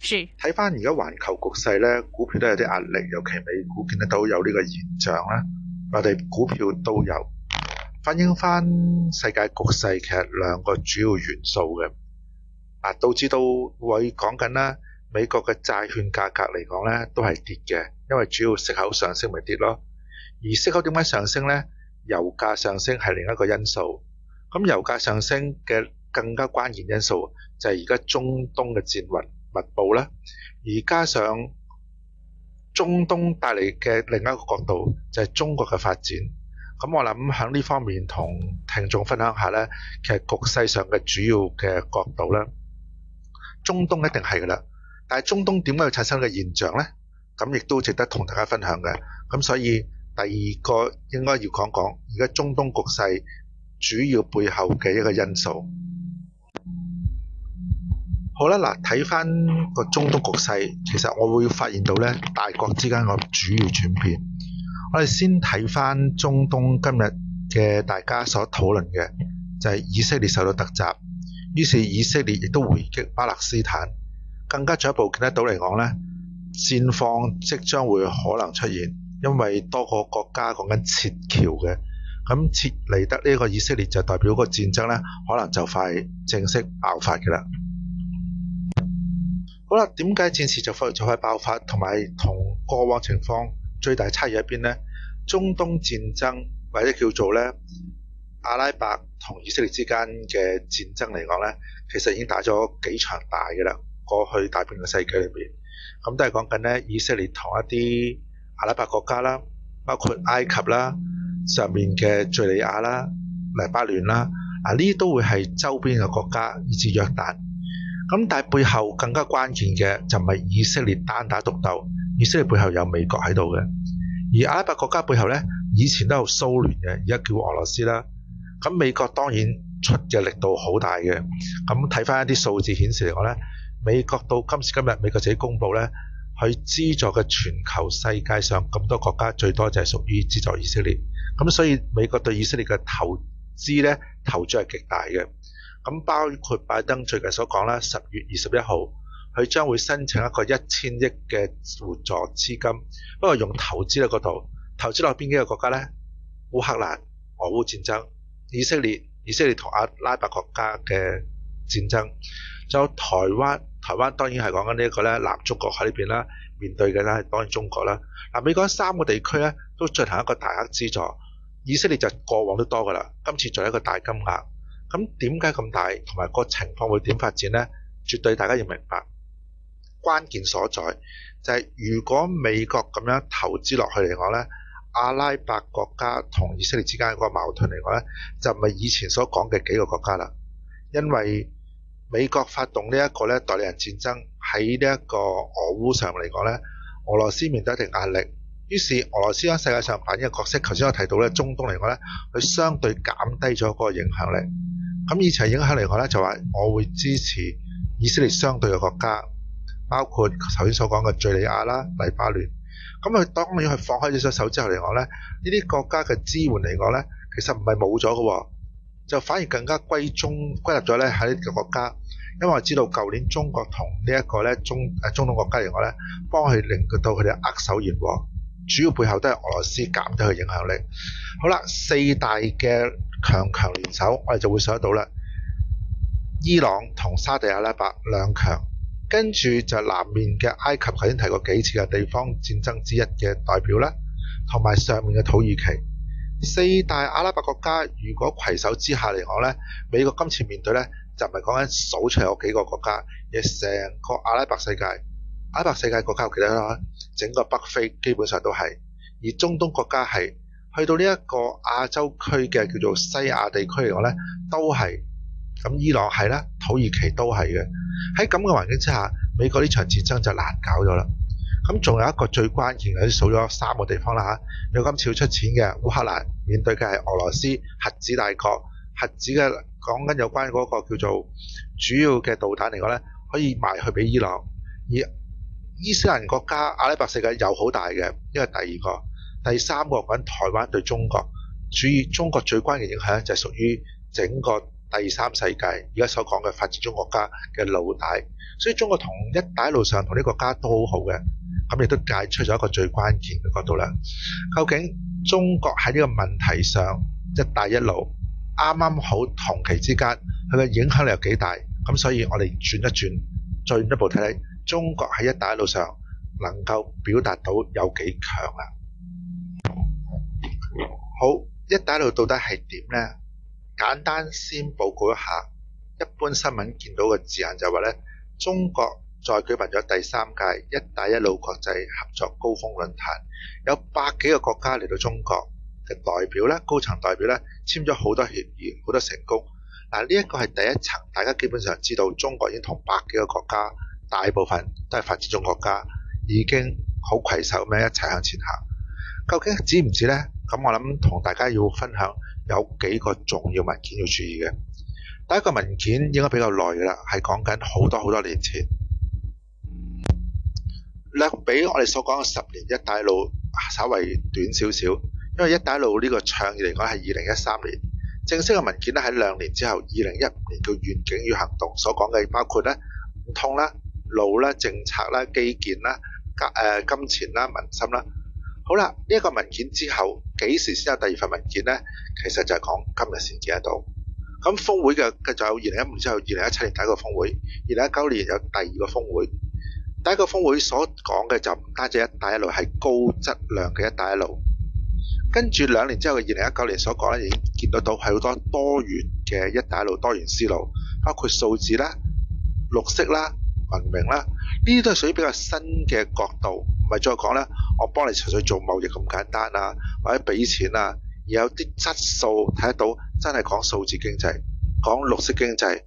睇翻而家環球局勢咧，股票都有啲壓力，尤其美股見得到有呢個現象啦。我哋股票都有反映翻世界局勢，其實兩個主要元素嘅啊，導致到會講緊啦。美國嘅債券價格嚟講咧，都係跌嘅，因為主要息口上升咪跌咯。而息口點解上升咧？油價上升係另一個因素。咁油價上升嘅更加關鍵因素就係而家中東嘅戰雲。密布啦，而加上中東帶嚟嘅另一個角度就係中國嘅發展，咁我諗喺呢方面同聽眾分享下呢，其實局勢上嘅主要嘅角度啦，中東一定係噶啦，但係中東點解會產生呢個現象呢？咁亦都值得同大家分享嘅，咁所以第二個應該要講講而家中東局勢主要背後嘅一個因素。好啦，嗱，睇翻個中東局勢，其實我會發現到咧，大國之間個主要轉變。我哋先睇翻中東今日嘅大家所討論嘅，就係以色列受到突襲，於是以色列亦都回擊巴勒斯坦。更加進一步見得到嚟講咧，戰況即將會可能出現，因為多個國家講緊撤僑嘅咁，撤離得呢個以色列就代表個戰爭咧，可能就快正式爆發嘅啦。好啦，點解戰事就快就快爆發，同埋同過往情況最大差異喺邊呢？中東戰爭或者叫做咧阿拉伯同以色列之間嘅戰爭嚟講咧，其實已經打咗幾場大嘅啦。過去大半個世紀裏面，咁、嗯、都係講緊咧以色列同一啲阿拉伯國家啦，包括埃及啦、上面嘅敘利亞啦、黎巴嫩啦，嗱呢都會係周邊嘅國家以至約旦。咁但係背後更加關鍵嘅就唔係以色列單打獨鬥，以色列背後有美國喺度嘅，而阿拉伯國家背後咧以前都係蘇聯嘅，而家叫俄羅斯啦。咁美國當然出嘅力度好大嘅，咁睇翻一啲數字顯示嚟講咧，美國到今時今日，美國自己公布咧，佢資助嘅全球世界上咁多國家最多就係屬於資助以色列，咁所以美國對以色列嘅投資咧，投資係極大嘅。咁包括拜登最近所講啦，十月二十一號佢將會申請一個一千億嘅援助資金，不過用投資咧，嗰度，投資落邊幾個國家呢？烏克蘭，俄烏戰爭、以色列，以色列同阿拉伯國家嘅戰爭，仲有台灣。台灣當然係講緊呢一個咧，南中國海呢邊啦，面對嘅呢係當然中國啦。嗱，美國三個地區咧，都進行一個大額資助，以色列就過往都多㗎喇，今次仲有一個大金額。咁點解咁大？同埋個情況會點發展呢？絕對大家要明白關鍵所在就係，如果美國咁樣投資落去嚟講呢，阿拉伯國家同以色列之間嗰個矛盾嚟講呢，就唔係以前所講嘅幾個國家啦。因為美國發動呢一個呢代理人戰爭喺呢一個俄烏上嚟講呢，俄羅斯面對一定壓力。於是俄羅斯喺世界上扮演嘅角色，頭先我提到呢，中東嚟講呢，佢相對減低咗嗰個影響力。咁以前影響嚟講咧，就話我會支持以色列相對嘅國家，包括頭先所講嘅敍利亞啦、黎巴嫩。咁佢當佢去放開隻手之後嚟講咧，呢啲國家嘅支援嚟講咧，其實唔係冇咗嘅，就反而更加歸中歸入咗咧喺呢啲國家。因為我知道舊年中國同呢一個咧中誒中東國家嚟講咧，幫佢令到佢哋握手言和，主要背後都係俄羅斯減咗佢影響力。好啦，四大嘅。強強聯手，我哋就會想得到啦。伊朗同沙地阿拉伯兩強，跟住就南面嘅埃及，頭先提過幾次嘅地方戰爭之一嘅代表啦。同埋上面嘅土耳其，四大阿拉伯國家如果攜手之下嚟講呢，美國今次面對呢，就唔係講緊數出有幾個國家，而成個阿拉伯世界、阿拉伯世界國家有其實啦，整個北非基本上都係，而中東國家係。去到呢一個亞洲區嘅叫做西亞地區嚟講呢，都係咁。伊朗係啦，土耳其都係嘅。喺咁嘅環境之下，美國呢場戰爭就難搞咗啦。咁仲有一個最關鍵嘅，數咗三個地方啦吓。有今次要出錢嘅烏克蘭，面對嘅係俄羅斯核子大國。核子嘅講緊有關嗰個叫做主要嘅導彈嚟講呢，可以賣去俾伊朗。而伊斯蘭國家阿拉伯世界又好大嘅，因為第二個。第三個講台灣對中國，處於中國最關鍵影響就係屬於整個第三世界而家所講嘅發展中國家嘅老大，所以中國同一帶一路上同啲國家都好好嘅，咁亦都帶出咗一個最關鍵嘅角度啦。究竟中國喺呢個問題上，一帶一路啱啱好同期之間，佢嘅影響力有幾大？咁所以我哋轉一轉，進一步睇睇中國喺一帶一路上能夠表達到有幾強啊！好，一帶一路到底係點呢？簡單先報告一下，一般新聞見到嘅字眼就話呢中國再舉辦咗第三屆一帶一路國際合作高峰論壇，有百幾個國家嚟到中國嘅代表呢，高層代表呢，簽咗好多協議，好多成功。嗱、啊，呢一個係第一層，大家基本上知道中國已經同百幾個國家，大部分都係發展中國家，已經好攜手咩一齊向前行。究竟知唔知呢？咁我諗同大家要分享有幾個重要文件要注意嘅。第一個文件應該比較耐嘅啦，係講緊好多好多年前。略比我哋所講嘅十年一帶路稍為短少少，因為一帶路呢個倡議嚟講係二零一三年正式嘅文件咧，喺兩年之後二零一五年叫《願景與行動》所講嘅，包括咧五通啦、路啦、政策啦、基建啦、金金錢啦、民心啦。好啦，呢、這、一個文件之後。幾時先有第二份文件呢？其實就係講今日先見得到。咁峰會嘅，就有二零一五年之後二零一七年第一個峰會，二零一九年有第二個峰會。第一個峰會所講嘅就唔單止一帶一路係高質量嘅一帶一路，跟住兩年之後嘅二零一九年所講咧，已經見得到係好多多元嘅一帶一路多元思路，包括數字啦、綠色啦、文明啦，呢啲都係屬於比較新嘅角度，唔係再講啦。我幫你除咗做貿易咁簡單啊，或者俾錢啊，而有啲質素睇得到，真係講數字經濟，講綠色經濟。誒、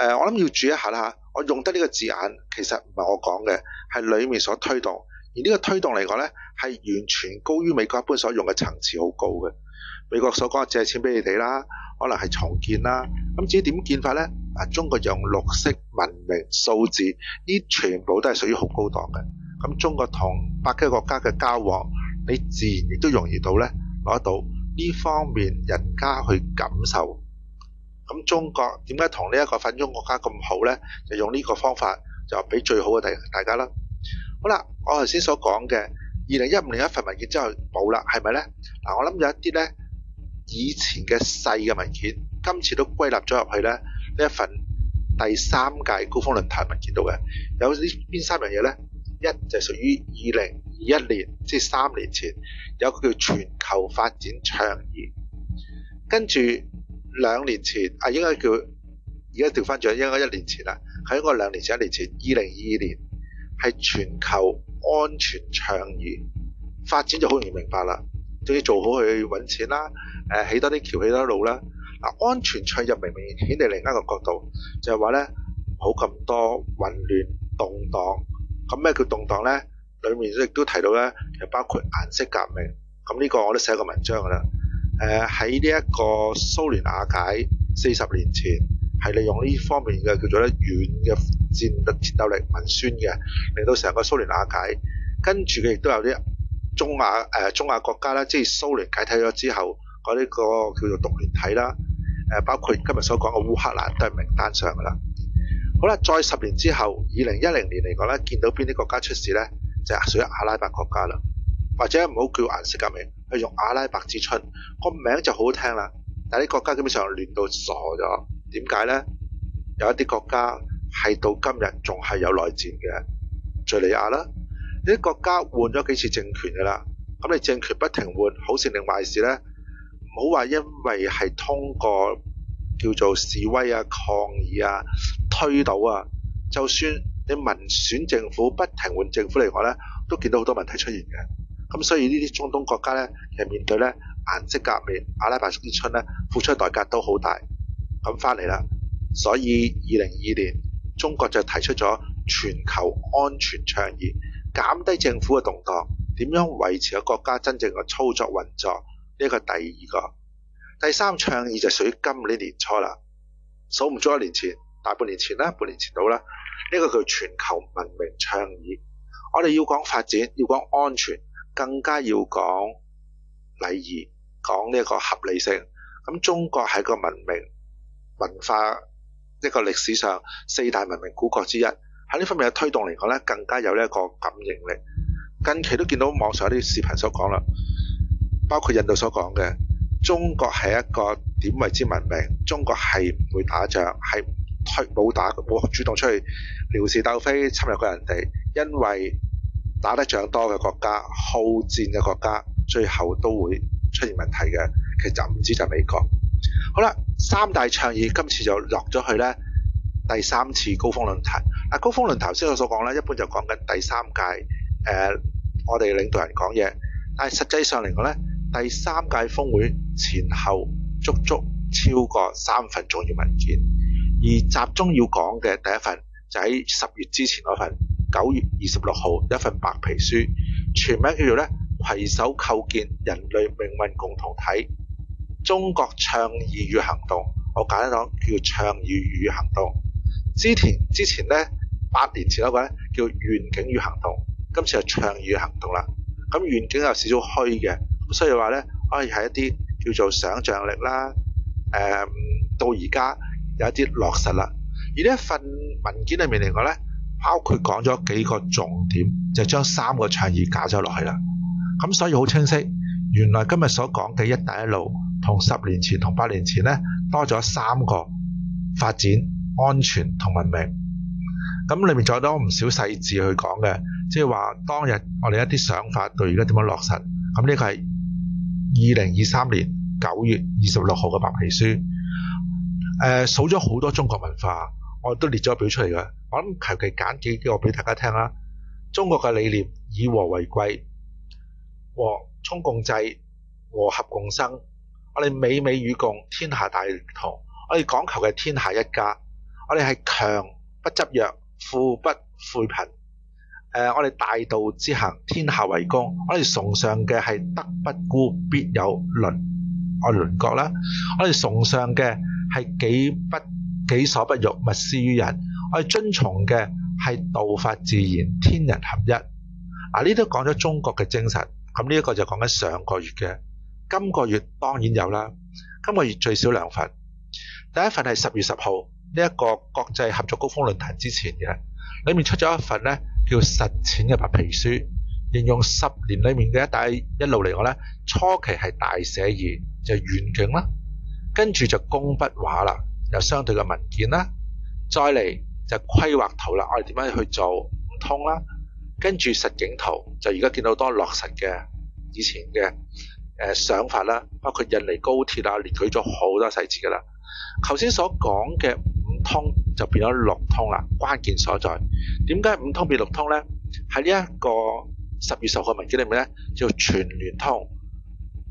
呃，我諗要注意一下啦，我用得呢個字眼其實唔係我講嘅，係裏面所推動。而呢個推動嚟講呢，係完全高於美國一般所用嘅層次，好高嘅。美國所講借錢俾你哋啦，可能係重建啦，咁至於點建法呢？啊，中國用綠色文明、數字，呢全部都係屬於好高檔嘅。咁中國同百幾個國家嘅交往，你自然亦都容易到咧攞得到呢方面人家去感受。咁中國點解同呢一個粉中國家咁好咧？就用呢個方法就俾最好嘅大家啦。好啦，我頭先所講嘅二零一五年一份文件之後冇啦，係咪咧？嗱，我諗有一啲咧以前嘅細嘅文件，今次都歸納咗入去咧。呢一份第三屆高峰論壇文件度嘅有啲邊三樣嘢咧？一就係、是、屬於二零二一年，即係三年前有個叫全球發展倡議。跟住兩年前啊，應該叫而家掉返轉，應該一年前啦，喺個兩兩年前一年前二零二二年係全球安全倡議發展就好容易明白啦，都要做好去揾錢啦，起、呃、多啲橋，起多路啦。嗱，安全倡議明明顯地另一個角度就係、是、話呢冇咁多混亂動蕩咁咩叫動盪呢？裏面亦都提到呢，就包括顏色革命。咁、這、呢個我都寫一個文章㗎啦。喺呢一個蘇聯瓦解四十年前，係利用呢方面嘅叫做呢軟嘅戰鬥戰鬥力文宣嘅，令到成個蘇聯瓦解。跟住佢亦都有啲中亞、呃、中亞國家啦，即係蘇聯解體咗之後嗰啲、這個叫做獨聯體啦。包括今日所講嘅烏克蘭都係名單上㗎啦。好啦，再十年之後，二零一零年嚟講咧，見到邊啲國家出事呢？就係屬於阿拉伯國家啦。或者唔好叫顏色革命，去用阿拉伯之春個名就好好聽啦。但係啲國家基本上亂到傻咗。點解呢？有一啲國家係到今日仲係有內戰嘅，敍利亞啦。呢啲國家換咗幾次政權㗎啦，咁你政權不停換，好事定壞事呢？唔好話因為係通過。叫做示威啊、抗議啊、推倒啊，就算你民選政府不停換政府嚟講咧，都見到好多問題出現嘅。咁所以呢啲中東國家咧，其實面對咧顏色革命、阿拉伯之春咧，付出嘅代價都好大。咁翻嚟啦，所以二零二二年中國就提出咗全球安全倡議，減低政府嘅動盪，點樣維持個國家真正嘅操作運作？呢個第二個。第三倡議就屬於今年年初啦，數唔足一年前、大半年前啦、半年前到啦。呢個叫全球文明倡議，我哋要講發展，要講安全，更加要講禮儀，講呢個合理性。咁中國係個文明文化一個歷史上四大文明古國之一，喺呢方面嘅推動嚟講呢，更加有一個感應力。近期都見到網上啲視頻所講啦，包括印度所講嘅。中國係一個點為之文明？中國係唔會打仗，係推冇打冇主動出去撩事鬥非侵略過人哋，因為打得仗多嘅國家、好戰嘅國家，最後都會出現問題嘅。其實就唔知就美國。好啦，三大倡議今次就落咗去呢第三次高峰論壇。嗱，高峰論壇先我所講呢，一般就講緊第三屆誒、呃、我哋領導人講嘢，但係實際上嚟講呢。第三屆峰會前後足足超過三份重要文件，而集中要講嘅第一份就喺十月之前嗰份，九月二十六號一份白皮書，全名叫做咧攜手構建人類命運共同體：中國倡議與行動。我簡單講叫倡議與，與行動。之前之前咧八年前嗰個咧叫願景與行動，今次係倡議行動啦。咁願景有少少虛嘅。所以話咧，可以係一啲叫做想像力啦、嗯。到而家有一啲落實啦。而呢一份文件裏面嚟講咧，包括講咗幾個重點，就將、是、三個倡議搞咗落去啦。咁所以好清晰，原來今日所講嘅一帶一路，同十年前同八年前咧，多咗三個發展、安全同文明。咁裏面再多唔少細節去講嘅，即係話當日我哋一啲想法，到而家點樣落實？咁呢個係。二零二三年九月二十六號嘅白皮書，誒數咗好多中國文化，我都列咗表出嚟嘅。我諗求其揀幾幾個俾大家聽啦。中國嘅理念以和為貴，和衷共濟，和合共生。我哋美美與共，天下大同。我哋講求嘅天下一家。我哋係強不執弱，富不侮貧。誒、呃，我哋大道之行，天下為公。我哋崇尚嘅係德不孤必有鄰，我哋鄰國啦。我哋崇尚嘅係己不己所不欲，勿施於人。我哋遵從嘅係道法自然，天人合一。啊，呢都講咗中國嘅精神。咁呢一個就講緊上個月嘅，今個月當然有啦。今個月最少兩份，第一份係十月十號呢一，這個國際合作高峰論壇之前嘅，裏面出咗一份咧。叫實踐嘅白皮書，形容十年裏面嘅一帶一路嚟講咧，初期係大寫意，就係、遠景啦；跟住就工筆畫啦，有相對嘅文件啦；再嚟就是規劃圖啦，我哋點樣去做？唔通啦；跟住實景圖，就而家見到多落實嘅以前嘅誒、呃、想法啦，包括印尼高鐵啊，列舉咗好多細節噶啦。頭先所講嘅。通就變咗六通啦，關鍵所在點解五通變六通咧？喺呢一個十月十號嘅文件裏面咧，叫全聯通，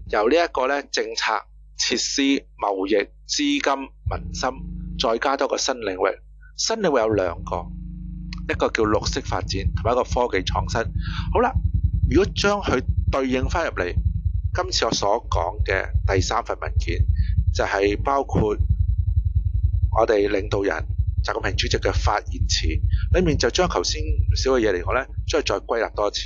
由呢一個咧政策、設施、貿易、資金、民心，再加多個新領域。新領域有兩個，一個叫綠色發展，同埋一個科技創新。好啦，如果將佢對應翻入嚟，今次我所講嘅第三份文件就係包括。我哋領導人習近平主席嘅發言詞，裏面就將頭先唔少嘅嘢嚟講呢，將佢再歸納多次。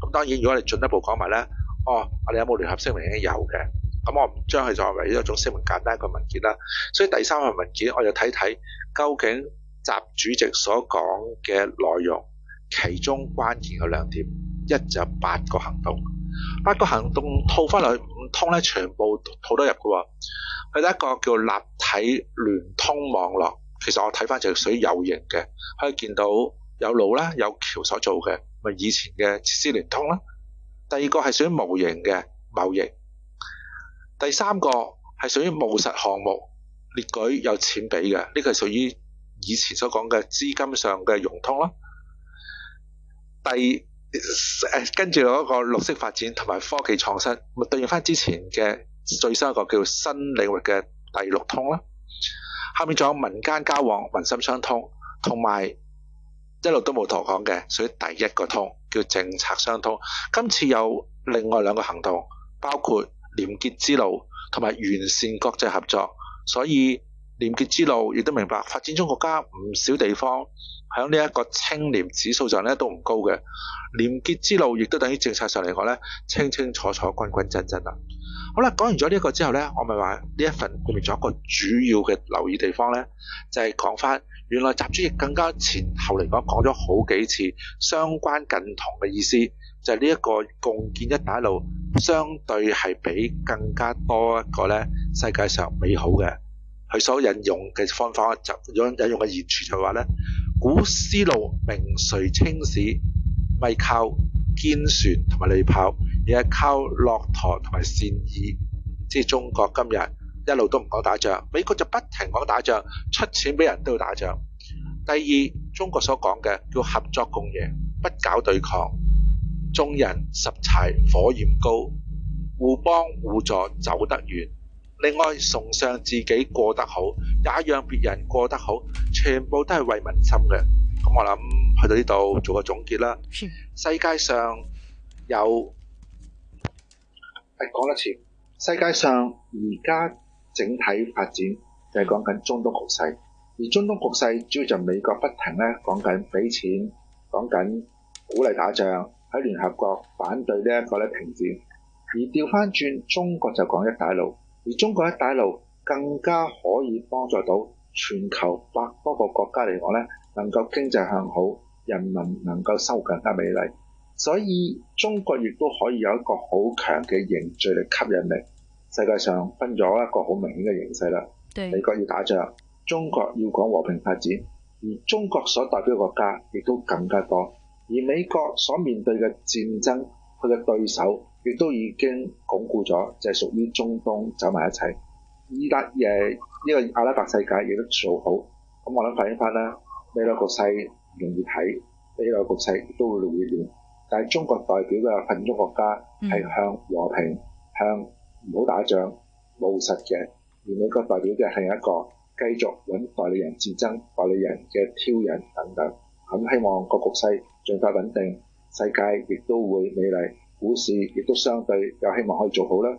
咁當然，如果你進一步講埋呢，哦，我哋有冇聯合聲明已經有嘅，咁我唔將佢作為一種聲明簡單一個文件啦。所以第三份文件，我就睇睇究竟習主席所講嘅內容，其中關鍵嘅兩點，一就八個行動，八個行動套翻落去五通呢，全部套得入嘅喎。佢第一個叫立體聯通網絡，其實我睇翻就屬於有形嘅，可以見到有路啦，有橋所做嘅咪、就是、以前嘅設施聯通啦。第二個係屬於無形嘅貿易。第三個係屬於務實項目，列舉有錢俾嘅呢個係屬於以前所講嘅資金上嘅融通啦。第二跟住有一個綠色發展同埋科技創新，咪、就是、對應翻之前嘅。最新的一個叫做新領域嘅第六通啦，下面仲有民間交往、民心相通，同埋一路都冇同講嘅，所以第一個通叫政策相通。今次有另外兩個行動，包括廉潔之路同埋完善國際合作。所以廉潔之路亦都明白發展中國家唔少地方。喺呢一個清廉指數上咧都唔高嘅，廉潔之路亦都等於政策上嚟講咧清清楚楚、均均真真啦。好啦，講完咗呢個之後咧，我咪話呢一份仲有一個主要嘅留意地方咧，就係講返原來習主席更加前後嚟講講咗好幾次相關近同嘅意思，就係呢一個共建一帶一路，相對係比更加多一個咧世界上美好嘅。佢所引用嘅方法就引用嘅言處就係話呢，古絲路名垂青史，咪靠堅船同埋利炮，而係靠駱駝同埋善意。即係中國今日一路都唔講打仗，美國就不停講打仗，出錢俾人都要打仗。第二，中國所講嘅叫合作共贏，不搞對抗。眾人拾柴火焰高，互幫互助走得遠。另外崇尚自己過得好，也讓別人過得好，全部都係為民心嘅。咁我諗去到呢度做個總結啦。世界上有誒講一次，世界上而家整體發展就係講緊中東局勢，而中東局勢主要就美國不停咧講緊俾錢，講緊鼓勵打仗，喺聯合國反對呢一個咧停戰，而調翻轉中國就講一帶一路。而中國喺大陸更加可以幫助到全球百多個國家嚟講咧，能夠經濟向好，人民能夠生活更加美麗。所以中國亦都可以有一個好強嘅凝聚力、吸引力。世界上分咗一個好明顯嘅形勢啦。對。美國要打仗，中國要講和平發展。而中國所代表嘅國家亦都更加多。而美國所面對嘅戰爭，佢嘅對手。亦都已經鞏固咗，就係屬於中東走埋一齊。伊拉克呢個阿拉伯世界亦都做好咁，我諗反映翻啦。呢個局勢唔容易睇，呢個局勢都會會亂。但係中國代表嘅發展中國家係向和平，向唔好打仗、務實嘅；而美國代表嘅係一個繼續揾代理人戰爭、代理人嘅挑釁等等。咁希望各局勢盡快穩定，世界亦都會美麗。股市亦都相對有希望可以做好啦。